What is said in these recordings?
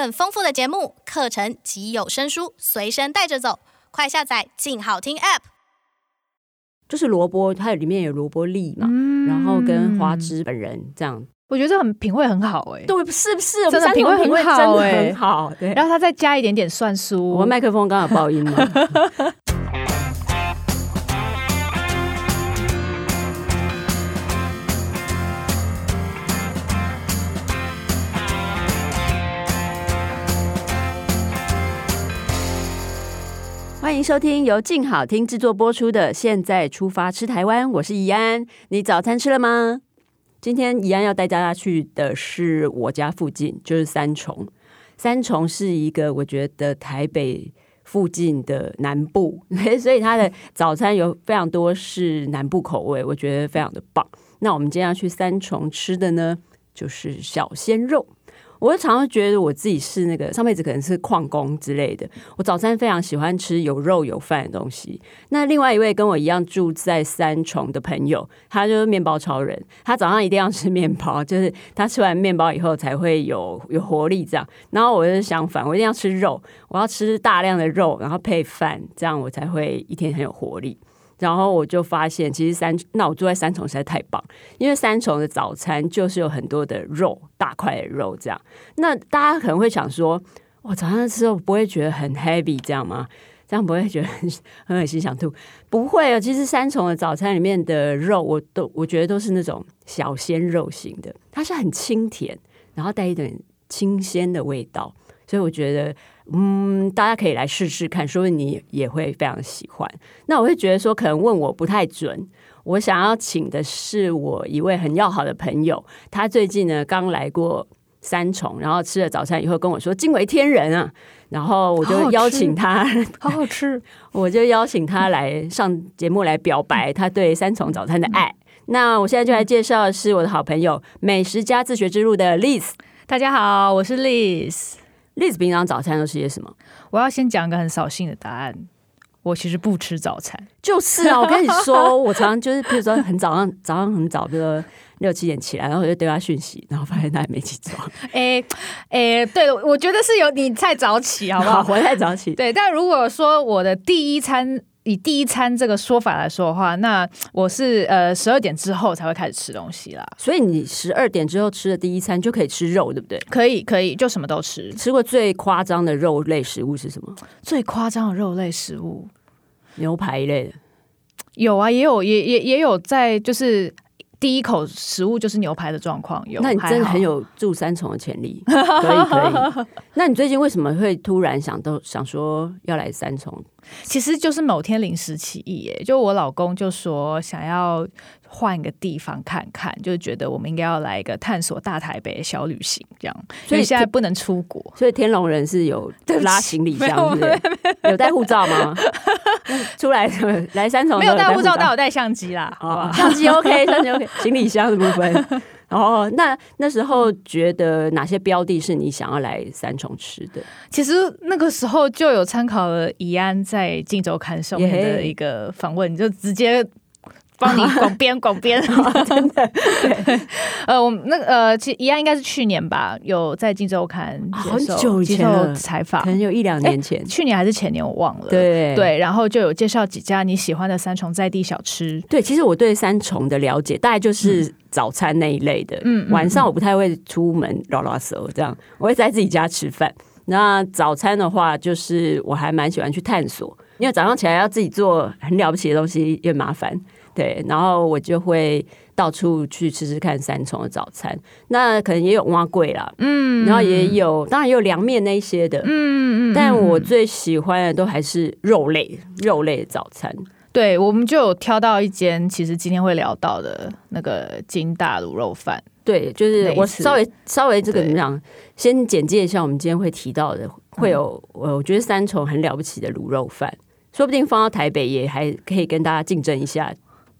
更豐富的節目、課程及有聲書隨身帶着走，快下載鏡好聽 App。就是蘿蔔，它裡面有蘿蔔粒嘛，嗯、然後跟花枝本人這樣，我覺得這很品味很好哎、欸，對，是不是？真的品味品味真的很好、欸，對。然後他再加一點點蒜酥。我的麥克風剛好爆音了。 歡迎收聽由鏡好聽製作播出的《現在出發吃台灣》，我是怡安。你早餐吃了嗎？今天怡安要帶大家去的是我家附近，就是三重。三重是一個我覺得台北附近的南部，所以它的早餐有非常多是南部口味，我覺得非常的棒。那我們今天要去三重吃的呢，就是小鮮肉。我就常常覺得我自己是那個上輩子可能是礦工之類的。我早餐非常喜歡吃有肉有飯的東西。那另外一位跟我一樣住在三重的朋友，他就是麵包超人，他早上一定要吃麵包，就是他吃完麵包以後才會有有活力這樣。然後我就是相反，我一定要吃肉，我要吃大量的肉，然後配飯，這樣我才會一天很有活力。然後我就發現，其實三那我住在三重實在太棒，因為三重的早餐就是有很多的肉，大塊的肉這樣。那大家可能會想說，我、哦、早上吃肉不會覺得很 heavy 這樣嗎？這樣不會覺得很很噁心想吐？不會啊、哦，其實三重的早餐裡面的肉，我都我覺得都是那種小鮮肉型的，它是很清甜，然後帶一點清鮮的味道，所以我覺得。嗯，大家可以來試試看，說不定你也會非常喜歡。那我會覺得說，可能問我不太準。我想要請的是我一位很要好的朋友，他最近呢剛來過三重，然後吃了早餐以後跟我說驚為天人啊。然後我就邀請他，好好吃，好好吃 我就邀請他來上節目來表白他對三重早餐的愛。嗯，那我現在就來介紹的是我的好朋友，嗯，美食家自學之路的 Liz，大家好，我是 Liz。Liz 平常早餐都是些什麼？我要先講個很掃興的答案。我其實不吃早餐，就是啊。我跟你說， 我常常就是，比如說很早上，早上很早，比如說六七點起來，然後我就對他訊息，然後發現他還沒起床。哎誒、欸欸，對，我覺得是有你太早起，好不好？好，我太早起。對，但如果說我的第一餐。以第一餐這個說法來說的話，那我是呃十二點之後才會開始吃東西啦。所以你十二點之後吃的第一餐就可以吃肉，對不對？可以，可以，就什麼都吃。吃過最誇張的肉類食物是什麼？最誇張的肉類食物，牛排一類的，有啊，也有，也也也有在就是。第一口食物就是牛排的狀況，有。那你真的很有住三重的潛力好可，可以可以。 那你最近為什麼會突然想到想說要來三重？其實就是某天臨時起意耶，就我老公就說想要。換個地方看看，就是覺得我們應該要來一個探索大台北小旅行這樣。所以現在不能出國，所以天龍人是有拉行李箱，有帶護照嗎？出來來三重沒有帶護照，但我帶相機啦。好，相機 OK，相機 OK，行李箱的部分。哦，那那時候覺得哪些標的，是你想要來三重吃的？其實那個時候就有參考了怡安在《鏡週刊》上面的一個訪問，就直接。幫你廣編廣編，真的對。呃，我那呃，其實一樣，應該是去年吧，有在鏡週刊，接受接受的採訪。啊，很久以前了，可能有一兩年前，欸，去年還是前年，我忘了。對對，然後就有介紹幾家你喜歡的三重在地小吃。對，其實我對三重的了解，大概就是早餐那一類的。嗯，晚上我不太會出門繞繞手，這樣我會在自己家吃飯。那早餐的話，就是我還蠻喜歡去探索，因為早上起來要自己做很了不起的東西，又麻煩。對，然後我就會到處去吃吃看三重的早餐，那可能也有碗粿啦，嗯，然後也有，當然也有涼麵那些的，嗯嗯，但我最喜歡的都還是肉類，肉類的早餐。對，我們就有挑到一間，其實今天會聊到的那個金大滷肉飯，對，就是我稍微稍微這個怎麼對先簡介一下我們今天會提到的，會有、嗯、我覺得三重很了不起的滷肉飯，說不定放到台北也還可以跟大家競爭一下。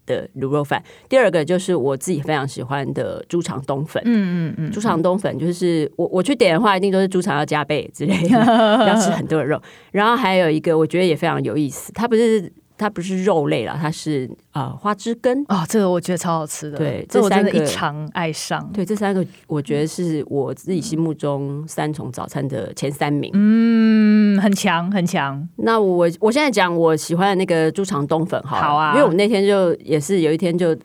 的滷肉飯，第二個就是我自己非常喜歡的豬腸冬粉，嗯嗯嗯，豬腸冬粉就是我我去點的話，一定都是豬腸要加倍之類的， 要吃很多的肉。然後還有一個我覺得也非常有意思，它不是它不是肉類啦，它是啊、呃、花枝羹哦，這個我覺得超好吃的，對，這三個一嘗愛上，對，這三個我覺得是我自己心目中三重早餐的前三名，嗯。很強很強，那我我現在講我喜歡的那個豬腸冬粉好，好，好啊，因為我們那天就也是有一天就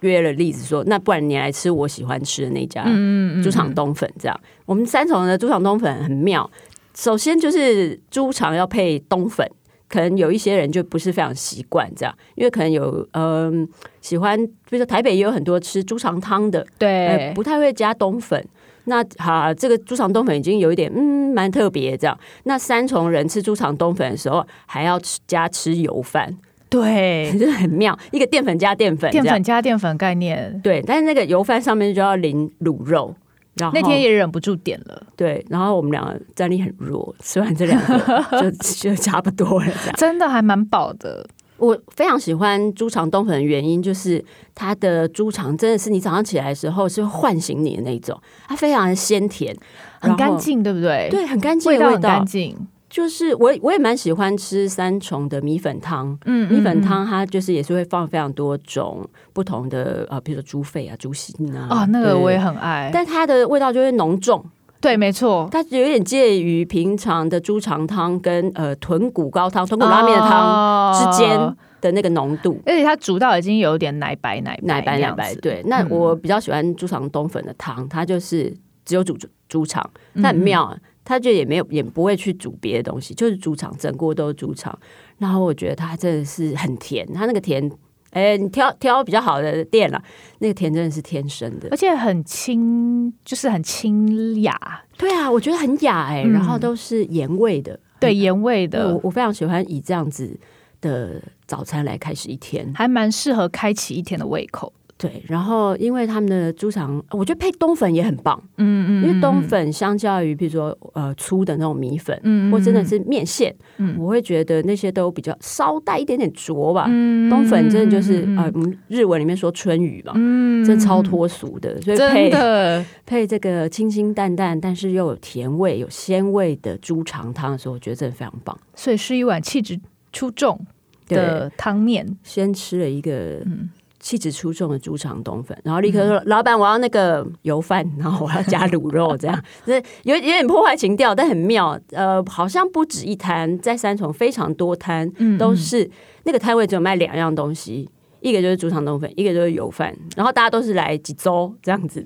約了 Liz 說，嗯、那不然你來吃我喜歡吃的那家豬腸冬粉，這樣，嗯嗯、我們三重的豬腸冬粉很妙，首先就是豬腸要配冬粉，可能有一些人就不是非常習慣這樣，因為可能有嗯喜歡，比如說台北也有很多吃豬腸湯的，對、呃，不太會加冬粉。那好、啊，這個豬腸冬粉已經有一點嗯，蠻特別的這樣。那三重人吃豬腸冬粉的時候，還要吃加吃油飯，對，就是 很妙，一個澱粉加澱粉，澱粉加澱粉概念，對。但是那個油飯上面就要淋滷肉，然後那天也忍不住點了，對。然後我們兩個戰力很弱，吃完這兩個就 就，就差不多了，真的還蠻飽的。我非常喜歡豬腸冬粉的原因，就是它的豬腸真的是你早上起來的時候是喚醒你的那種，它非常的鮮甜，很乾淨，對不對？對，很乾淨，味道，味道很乾淨。就是我我也蠻喜歡吃三重的米粉湯，嗯，米粉湯它就是也是會放非常多種不同的呃，比如說豬肺啊、豬心啊，啊、哦，那個我也很愛，但它的味道就會濃重。對，沒錯，它有點介於平常的豬腸湯跟呃豚骨高湯、豚骨拉麵的湯之間的那個濃度。哦，而且它煮到已經有點奶白奶白，奶白，奶白奶白對，嗯，那我比較喜歡豬腸冬粉的湯，它就是只有煮豬腸，很妙，嗯，它就也沒有也不會去煮別的東西，就是豬腸整鍋都是豬腸。然後我覺得它真的是很甜，它那個甜。哎、欸，你挑挑比較好的店了、啊，那個甜真的是天生的，而且很清，就是很清雅。對啊，我覺得很雅哎、欸，嗯、然後都是鹽味的，對好鹽味的，我我非常喜歡以這樣子的早餐來開始一天，還蠻適合開啟一天的胃口。對，然後因為他們的豬腸，我覺得配冬粉也很棒。嗯，因為冬粉相較於、嗯、比如說呃粗的那種米粉，嗯，或真的是麵線，嗯，我會覺得那些都比較稍帶一點點濁吧。嗯、冬粉真的就是啊、呃，日文裡面說春雨嘛，嗯，這超脫俗的，所以配的配這個清清淡淡，但是又有甜味、有鮮味的豬腸湯的時候，我覺得真的非常棒。所以是一碗氣質出眾的湯麵。先吃了一個、嗯氣質出眾的豬腸冬粉，然後立刻說：“老闆，我要那個油飯，然後我要加滷肉，這樣，就 是有有點破壞情調，但很妙。呃，好像不止一攤，在三重非常多攤，都是嗯嗯那個攤位，只有賣兩樣東西，一個就是豬腸冬粉，一個就是油飯。然後大家都是來幾周這樣子，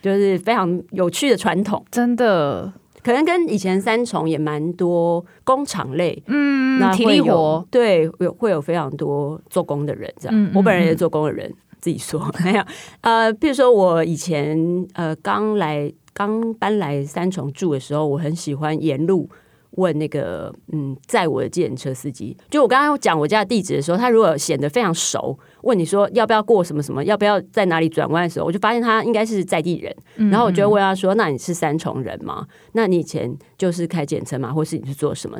就是非常有趣的傳統，真的。”可能跟以前三重也蠻多工廠類，嗯，那體力活，對，有會有非常多做工的人這樣。嗯嗯、我本人也是做工的人，自己說，沒有？呃，譬如說我以前呃剛來剛搬來三重住的時候，我很喜歡沿路問那個嗯載我的計程車司機，就我剛剛講我家的地址的時候，他如果顯得非常熟。問你說要不要過什麼什麼，要不要在哪裡轉彎的時候，我就發現他應該是在地人，嗯、哼然後我就問他說：“那你是三重人嗎？那你以前就是開計程車嗎？或是你是做什麼？”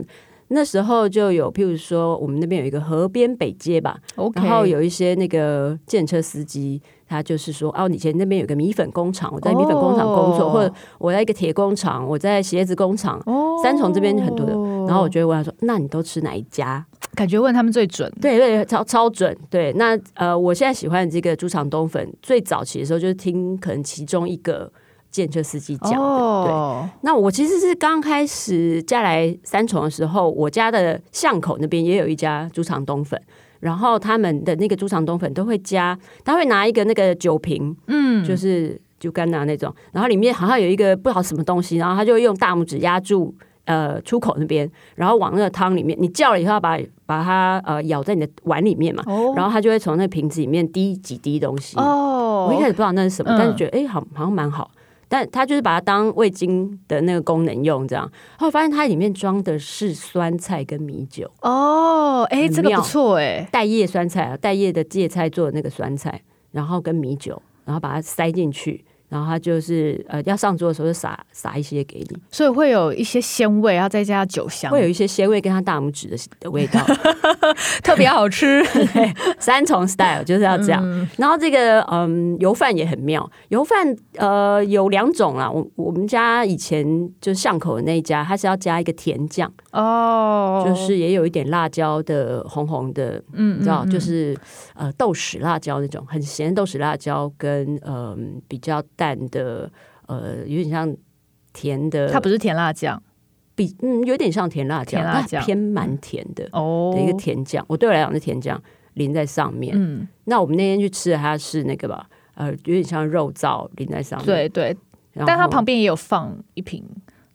那時候就有，譬如說，我們那邊有一個河邊北街吧，Okay. 然後有一些那個計程車司機，他就是說，哦、啊，以前那邊有個米粉工廠，我在米粉工廠工作，oh. 或者我在一個鐵工廠，我在鞋子工廠，oh. 三重這邊很多的。然後我就會問他說，那你都吃哪一家？感覺問他們最準，對對，超超準。對，那呃，我現在喜歡這個豬腸冬粉，最早期的時候就是聽可能其中一個。建設司機講的，oh. 對。那我其實是剛開始嫁來三重的時候，我家的巷口那邊也有一家豬腸冬粉，然後他們的那個豬腸冬粉都會加，他會拿一個那個酒瓶，嗯，mm. 就是酒干拿那種，然後裡面好像有一個不知道什麼東西，然後他就會用大拇指壓住呃出口那邊，然後往那個湯裡面，你叫了以後要把把它呃舀在你的碗裡面嘛，oh. 然後他就會從那個瓶子裡面滴幾滴東西。哦，oh, okay. 我一開始不知道那是什麼，mm. 但是覺得哎、欸，好好像蠻好。但他就是把它當味精的那個功能用，這樣。後來發現它裡面裝的是酸菜跟米酒哦，誒、oh, 欸，妙這個不錯哎、欸，帶葉酸菜啊，帶葉的芥菜做的那個酸菜，然後跟米酒，然後把它塞進去。然後他就是呃，要上桌的時候就撒撒一些給你，所以會有一些鮮味，然後再加酒香，會有一些鮮味跟他大拇指的的味道， 特別好吃 對。三重 style 就是要這樣。嗯、然後這個嗯，油飯也很妙，油飯呃有兩種啦，我我們家以前就巷口的那一家，他是要加一個甜醬哦，就是也有一點辣椒的紅紅的，嗯，嗯，嗯，你知道就是呃豆豉辣椒那種，很鹹的豆豉辣椒跟嗯、呃、比較淡。淡的，呃，有點像甜的，它不是甜辣醬，比嗯有點像甜辣醬，甜辣醬偏蠻甜的哦，嗯、的一個甜醬，我、哦哦、對我來講是甜醬淋在上面。嗯，那我們那天去吃的它是那個吧，呃，有點像肉燥淋在上面，對對，對後但它旁邊也有放一瓶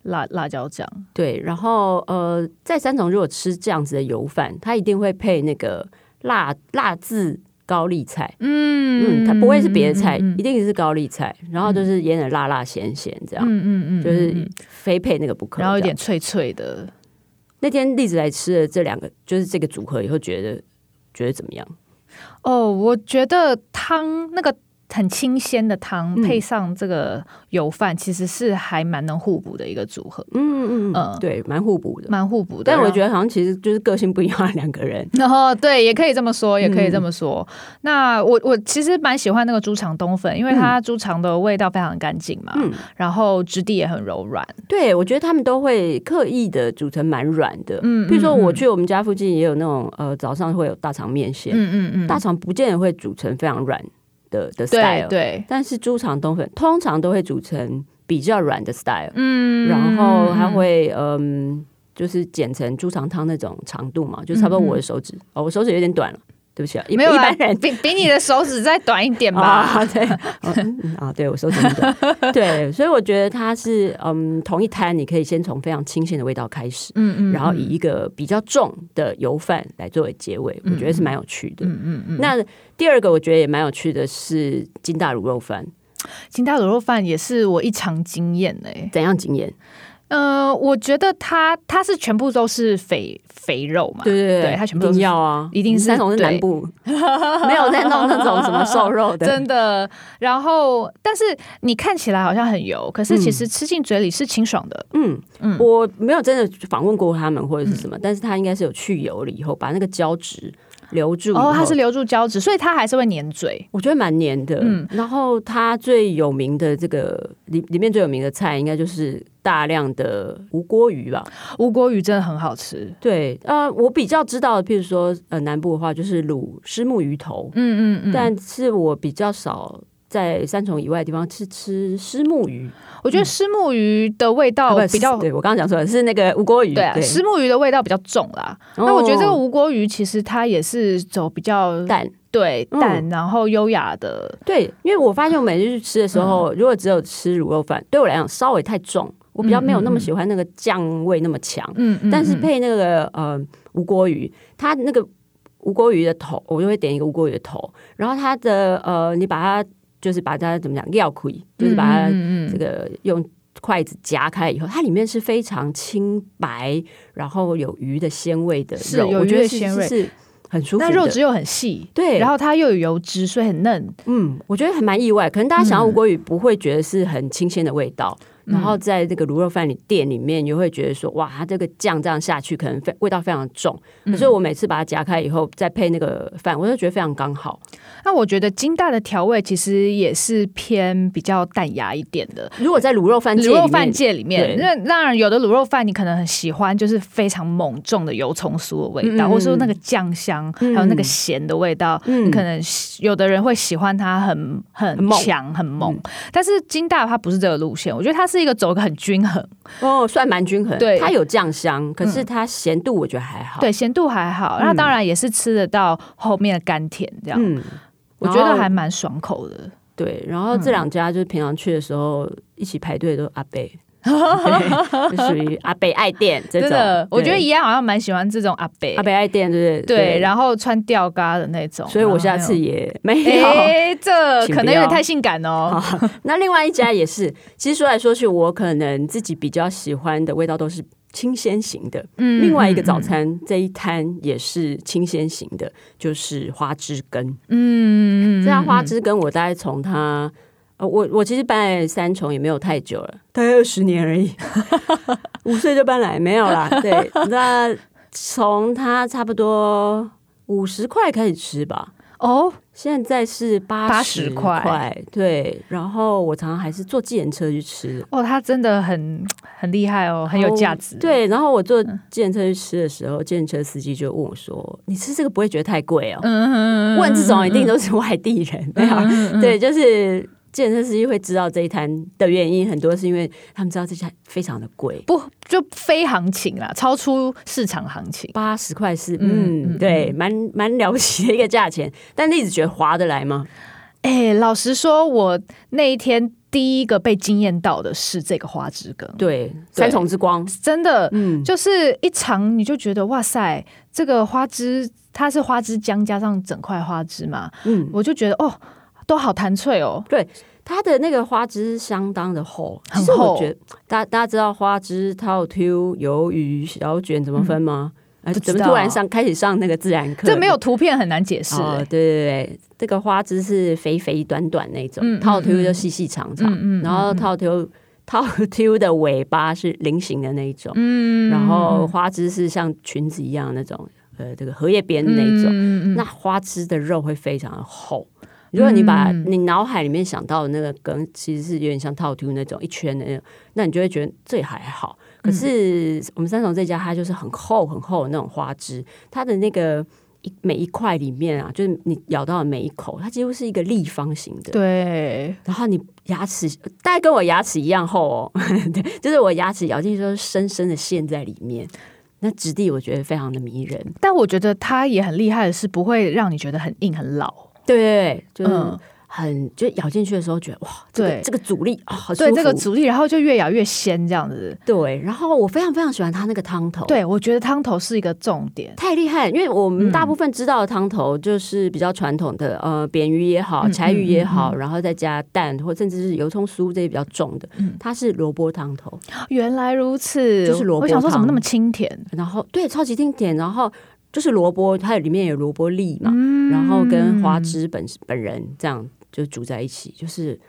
辣辣，辣椒醬，對，然後呃，在三重如果吃這樣子的油飯，它一定會配那個辣辣字。高麗菜，嗯，嗯它不會是別的菜，嗯嗯、一定是高麗菜，嗯、然後就是醃的辣辣鹹鹹這樣，嗯、就是非配那個不可，然後有點脆脆的。那天 Liz 來吃了這兩個，就是這個組合以後，覺得覺得怎麼樣？哦，我覺得湯那個。很清鮮的湯配上這個油飯，其實是還蠻能互補的一個組合。嗯嗯嗯，對，蠻互補的，蠻互補的。但我覺得好像其實就是個性不一樣的兩個人。然後，對，也可以這麼說，也可以這麼說。那我我其實蠻喜歡那個豬腸冬粉，因為它豬腸的味道非常乾淨嘛，然後質地也很柔軟。對，我覺得他們都會刻意的煮成蠻軟的。嗯，譬如說，我去我們家附近也有那種呃，早上會有大腸麵線。嗯嗯，大腸不見得會煮成非常軟。的的 style，對，對，但是豬腸冬粉通常都會煮成比較軟的 style，嗯，然後它會嗯，就是剪成豬腸湯那種長度嘛，就差不多我的手指，嗯哼。哦，我手指有點短了。對不起、啊，沒有一般人比比你的手指再短一點吧？ 啊、對、哦嗯，啊，對我手指很短， 對，所以我覺得它是嗯，同一攤你可以先從非常清鮮的味道開始，嗯嗯，嗯然後以一個比較重的油飯來作為結尾，嗯、我覺得是蠻有趣的，嗯嗯，嗯那第二個我覺得也蠻有趣的是今大魯肉飯，今大魯肉飯也是我一嘗驚豔哎，怎樣驚豔？呃，我覺得它它是全部都是肥肥肉嘛，對對、對、對它全部都是要啊，一定是全部對 沒有在弄那種什麼瘦肉的，真的。然後，但是你看起來好像很油，可是其實吃進嘴裡是清爽的。嗯嗯，嗯我沒有真的訪問過他們或者是什麼，嗯、但是它應該是有去油了以後，把那個膠質。留住後哦，它是留住膠質，所以它還是會粘嘴。我覺得蠻粘的。嗯，然後它最有名的這個里裡面最有名的菜，應該就是大量的吳郭魚吧？吳郭魚真的很好吃。對，呃，我比較知道的，譬如說，呃，南部的話就是滷虱目魚頭。嗯嗯嗯，嗯嗯但是我比較少。在三重以外的地方吃吃虱目魚，我覺得虱目魚的味道比較……嗯、對，我剛剛講錯了，是那個吳郭魚。對，啊、對，虱目魚的味道比較重啦。那、哦、我覺得這個吳郭魚其實它也是走比較淡，對淡，嗯、然後優雅的。對，因為我發現我每日去吃的時候，嗯、如果只有吃滷肉飯，對我來講稍微太重，我比較沒有那麼喜歡那個醬味那麼強。嗯嗯嗯，但是配那個呃吳郭魚，它那個吳郭魚的頭，我就會點一個吳郭魚的頭，然後它的呃你把它。就是把它怎麼講，料可以，就是把它這個用筷子夾開以後，它裡面是非常清白，然後有魚的鮮味的肉，是的，我覺得鮮味很舒服。那肉質又很細，對，然後它又有油脂，所以很嫩。嗯，我覺得還蠻意外，可能大家想要吳郭魚不會覺得是很清鮮的味道。然後在那個滷肉飯裡店裡面，你會覺得說，哇，它這個醬這樣下去可能味味道非常重。所以我每次把它夾開以後，再配那個飯，我就覺得非常剛好。那、啊、我覺得金大的調味其實也是偏比較淡雅一點的。對如果在滷肉飯滷肉飯界裡面，那對當然有的滷肉飯你可能很喜歡，就是非常猛重的油蔥酥的味道，嗯、或者說那個醬香、嗯、還有那個鹹的味道，嗯、你可能有的人會喜歡它很很強很猛。很猛嗯、但是金大它不是這個路線，我覺得它是。這個走得很均衡哦，算蠻均衡。對，它有醬香，可是它鹹度我覺得還好。嗯、對，鹹度還好。那當然也是吃得到後面的甘甜這樣。嗯，我覺得還蠻爽口的。對，然後這兩家就是平常去的時候一起排隊都阿伯。屬於阿伯愛店，真的，我覺得怡安好像蠻喜歡這種阿伯阿伯愛店，對對，然後穿吊嘎的那種，所以我下次也沒，這可能有點太性感哦。那另外一家也是，其實說來說去，我可能自己比較喜歡的味道都是清鮮型的。嗯，另外一個早餐這一攤也是清鮮型的，就是花枝羹。嗯，這樣花枝羹我大概從它。我我其實搬來三重也沒有太久了，大概有十年而已， 五歲就搬來沒有啦。對， 那從他差不多五十塊開始吃吧。哦，現在是八十塊。八十塊。對，然後我常常還是坐計程車去吃。哦，他真的很很厲害哦，很有價值。對，然後我坐計程車去吃的時候，計程車司機就問我說：“你吃這個不會覺得太貴哦？”嗯嗯嗯嗯，問這種一定都是外地人，對、嗯嗯嗯、對，就是。健身師會知道這一攤的原因，很多是因為他們知道這攤非常的貴，不就非行情啦，超出市場行情八十塊是，嗯，嗯對，蠻蠻了不起的一個價錢。嗯、但你一直覺得划得來嗎？哎、欸，老實說，我那一天第一個被驚豔到的是這個花枝羹，對，對三重之光真的，嗯，就是一嘗你就覺得哇塞，這個花枝它是花枝漿加上整塊花枝嘛，嗯，我就覺得哦，都好彈脆哦，對。它的那個花枝相當的厚，很厚。我覺得大家大家知道花枝透抽魷魚小卷怎麼分嗎？嗯、怎麼突然上開始上那個自然課？這沒有圖片很難解釋，哦。對對對，這個花枝是肥肥短短那種，嗯、透抽就細細長長，嗯嗯嗯嗯、然後透抽透抽的尾巴是菱形的那種，嗯、然後花枝是像裙子一樣的那種，呃，這個荷葉邊的那種，嗯、那花枝的肉會非常的厚。如果你把你腦海裡面想到的那個羹，其實是有點像套圖那種一圈的那種，那你就會覺得這還好。可是我們三重這家，它就是很厚很厚的那種花枝，它的那個一每一塊裡面啊，就是你咬到的每一口，它幾乎是一個立方形的。對。然後你牙齒大概跟我牙齒一樣厚哦，對， 就是我牙齒咬進去之後，深深的陷在裡面，那質地我覺得非常的迷人。但我覺得它也很厲害的是，不會讓你覺得很硬很老。對，對，對，就是很、嗯、就咬進去的時候，覺得哇，對這個阻力好好，對這個阻力，哦這個、阻力，然後就越咬越鮮這樣子。對，然後我非常非常喜歡它那個湯頭。對，我覺得湯頭是一個重點，太厲害。因為我們大部分知道的湯頭，就是比較傳統的，嗯、呃，扁魚也好，柴魚也好，嗯嗯嗯、然後再加蛋，或甚至是油蔥酥這些比較重的。嗯、它是蘿蔔湯頭，原來如此，就是蘿蔔湯。我，我想說，怎麼那麼清甜？然後對，超級清甜，然後。就是蘿蔔，它裡面有蘿蔔粒嘛，嗯、然後跟花枝本本人這樣就煮在一起，就是、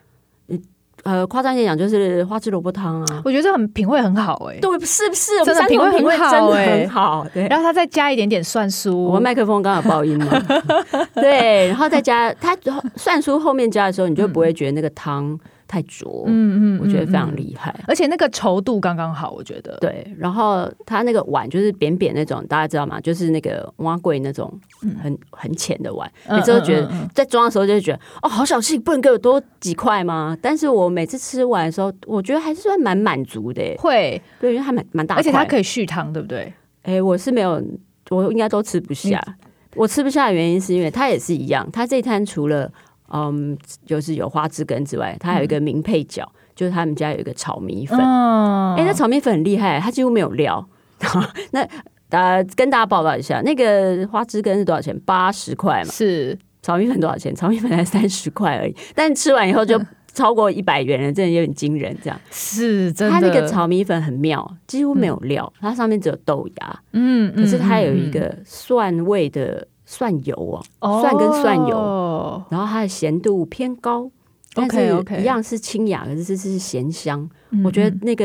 嗯、呃誇張一點講，就是花枝蘿蔔湯啊。我覺得這很品味很好哎、欸，對，是不是真的品味品味真的很好？很好欸、很好對，然後它再加一點點蒜酥，我麥克風剛有爆音了， 對，然後再加它蒜酥後面加的時候，你就不會覺得那個湯。嗯太濁，嗯嗯，嗯嗯，我覺得非常厲害，而且那個稠度剛剛好，我覺得對。然後它那個碗就是扁扁那種，大家知道嗎？就是那個碗粿那種很，嗯、很很淺的碗，你就覺得在裝的時候就覺得嗯嗯嗯哦，好小氣，不能給我多幾塊嗎？但是我每次吃完的時候，我覺得還是算蠻滿足的、欸。會，對，因為它蠻蠻大，而且它可以續湯，對不對？哎、欸，我是沒有，我應該都吃不下。你我吃不下的原因是因為它也是一樣，它這攤除了。嗯，um, 就是有花枝羹之外，它還有一個名配角，嗯、就是他們家有一個炒米粉。哎、嗯，欸，那炒米粉很厲害，它幾乎沒有料。 那呃，跟大家報告一下，那個花枝羹是多少錢？八十塊嘛。是炒米粉多少錢？炒米粉才三十塊而已。但吃完以後就超過一百元了，嗯、真的有點驚人。這樣是，真的它那個炒米粉很妙，幾乎沒有料，嗯、它上面只有豆芽。嗯，可是它有一個蒜味的。蒜油哦，蒜跟蒜油，然後它的鹹度偏高，OK，OK，一樣是清雅，可是這是鹹香。我覺得那個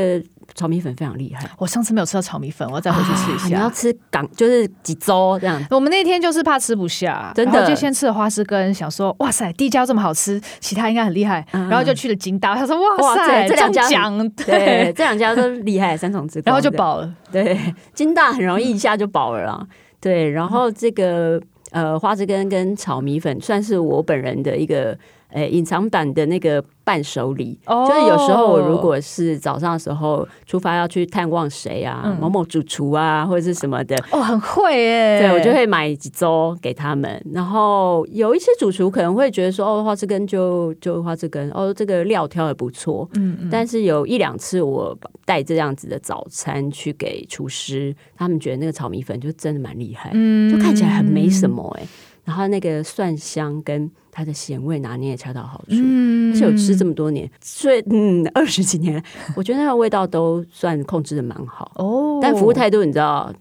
炒米粉非常厲害，我上次沒有吃到炒米粉，我要再回去吃一下。你要吃港就是幾週這樣，我們那天就是怕吃不下，真的就先吃了花枝羹，想說哇塞，地膠這麼好吃，其他應該很厲害，然後就去了金大，想說哇塞，中獎，對，這兩家都厲害，三重之光，然後就飽了，對，金大很容易一下就飽了啦，對，然後這個。呃，花枝羹跟炒米粉算是我本人的一個。哎、欸，隱藏版的那個伴手禮，哦、就是有時候我如果是早上的時候出發要去探望誰啊，嗯、某某主廚啊，或者是什麼的，哦，很會哎，對我就會買幾粥給他們。然後有一些主廚可能會覺得說，哦，花枝羹就就花枝羹，哦，這個料挑的不錯，嗯、嗯，但是有一兩次我帶這樣子的早餐去給廚師，他們覺得那個炒米粉就真的蠻厲害，嗯、就看起來很沒什麼誒、欸。然後那個蒜香跟它的鹹味拿捏也恰到好處，嗯、而且我吃這麼多年，所以嗯二十幾年， 我覺得那個味道都算控制的蠻好哦。但服務態度你知道，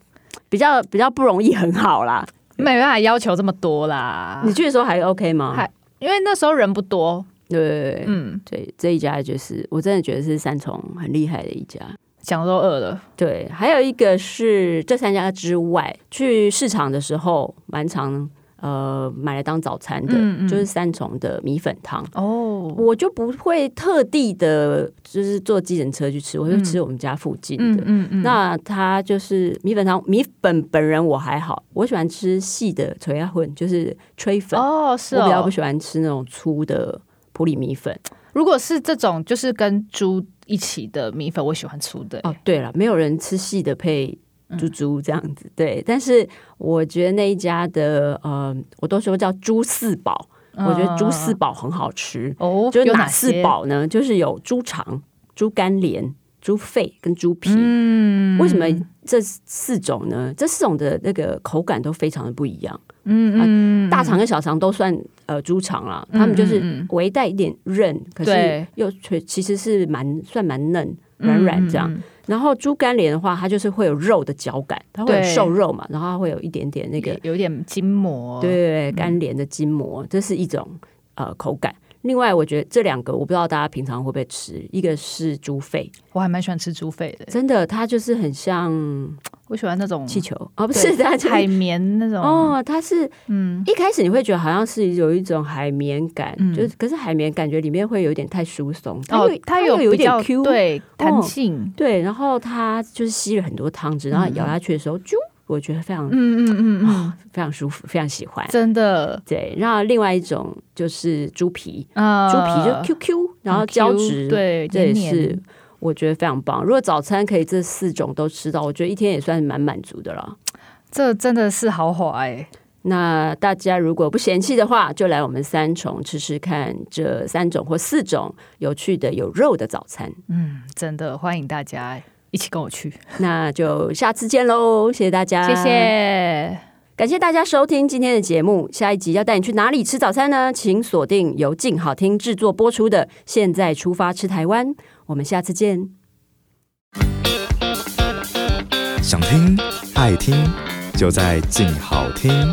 比較比較不容易很好啦，沒辦法要求這麼多啦。你去的時候還 OK 嗎？還因為那時候人不多，對，嗯，對，這一家就是我真的覺得是三重很厲害的一家，想都餓了。對，還有一個是這三家之外，去市場的時候蠻常。呃，買來當早餐的，嗯嗯就是三重的米粉湯。哦，我就不會特地的，就是坐計程車去吃，嗯、我就吃我們家附近的。嗯嗯嗯，那他就是米粉湯，米粉本人我還好，我喜歡吃細的垂混就是吹粉。哦，是哦，我比較不喜歡吃那種粗的埔里米粉。如果是這種，就是跟豬一起的米粉，我喜歡粗的、欸。哦，對了，沒有人吃細的配。豬豬這樣子對，但是我覺得那一家的呃，我都說叫豬四寶，嗯、我覺得豬四寶很好吃。嗯、哦，就是哪四寶呢？就是有豬腸、豬肝連、豬肺跟豬皮。嗯，為什麼這四種呢？這四種的那個口感都非常的不一樣。嗯，嗯、呃、大腸跟小腸都算呃豬腸啊，嗯、他們就是微帶一點韌，嗯、可是又卻其實是蠻對算蠻嫩、軟軟這樣。嗯嗯然後豬肝蓮的話，它就是會有肉的嚼感，它會有瘦肉嘛，對然後它會有一點點那個，有點筋膜，對，肝連的筋膜，嗯、這是一種呃口感。另外，我覺得這兩個我不知道大家平常會不會吃，一個是豬肺，我還蠻喜歡吃豬肺的，欸，真的，它就是很像我喜歡那種氣球哦，不是對它，就是，海綿那種哦，它是嗯，一開始你會覺得好像是有一種海綿感，嗯、就是可是海綿感覺裡面會有一點太疏鬆，哦、嗯、它，有，它有，有一點 Q 對彈性，哦、對，然後它就是吸了很多湯汁，然後咬下去的時候，嗯、啾。我覺得非常嗯嗯嗯非常舒服，非常喜歡，真的對。然後另外一種就是豬皮、呃、豬皮就 QQ，然後膠質對，這也是年年我覺得非常棒。如果早餐可以這四種都吃到，我覺得一天也算是蠻滿足的了。這真的是豪華哎、欸！那大家如果不嫌棄的話，就來我們三重吃吃看這三種或四種有趣的有肉的早餐。嗯，真的歡迎大家。一起跟我去，那就下次見嘍！謝謝大家，謝謝，感謝大家收聽今天的節目。下一集要帶你去哪裡吃早餐呢？請鎖定由鏡好聽製作播出的《現在出發吃台灣》，我們下次見。想聽愛聽，就在鏡好聽。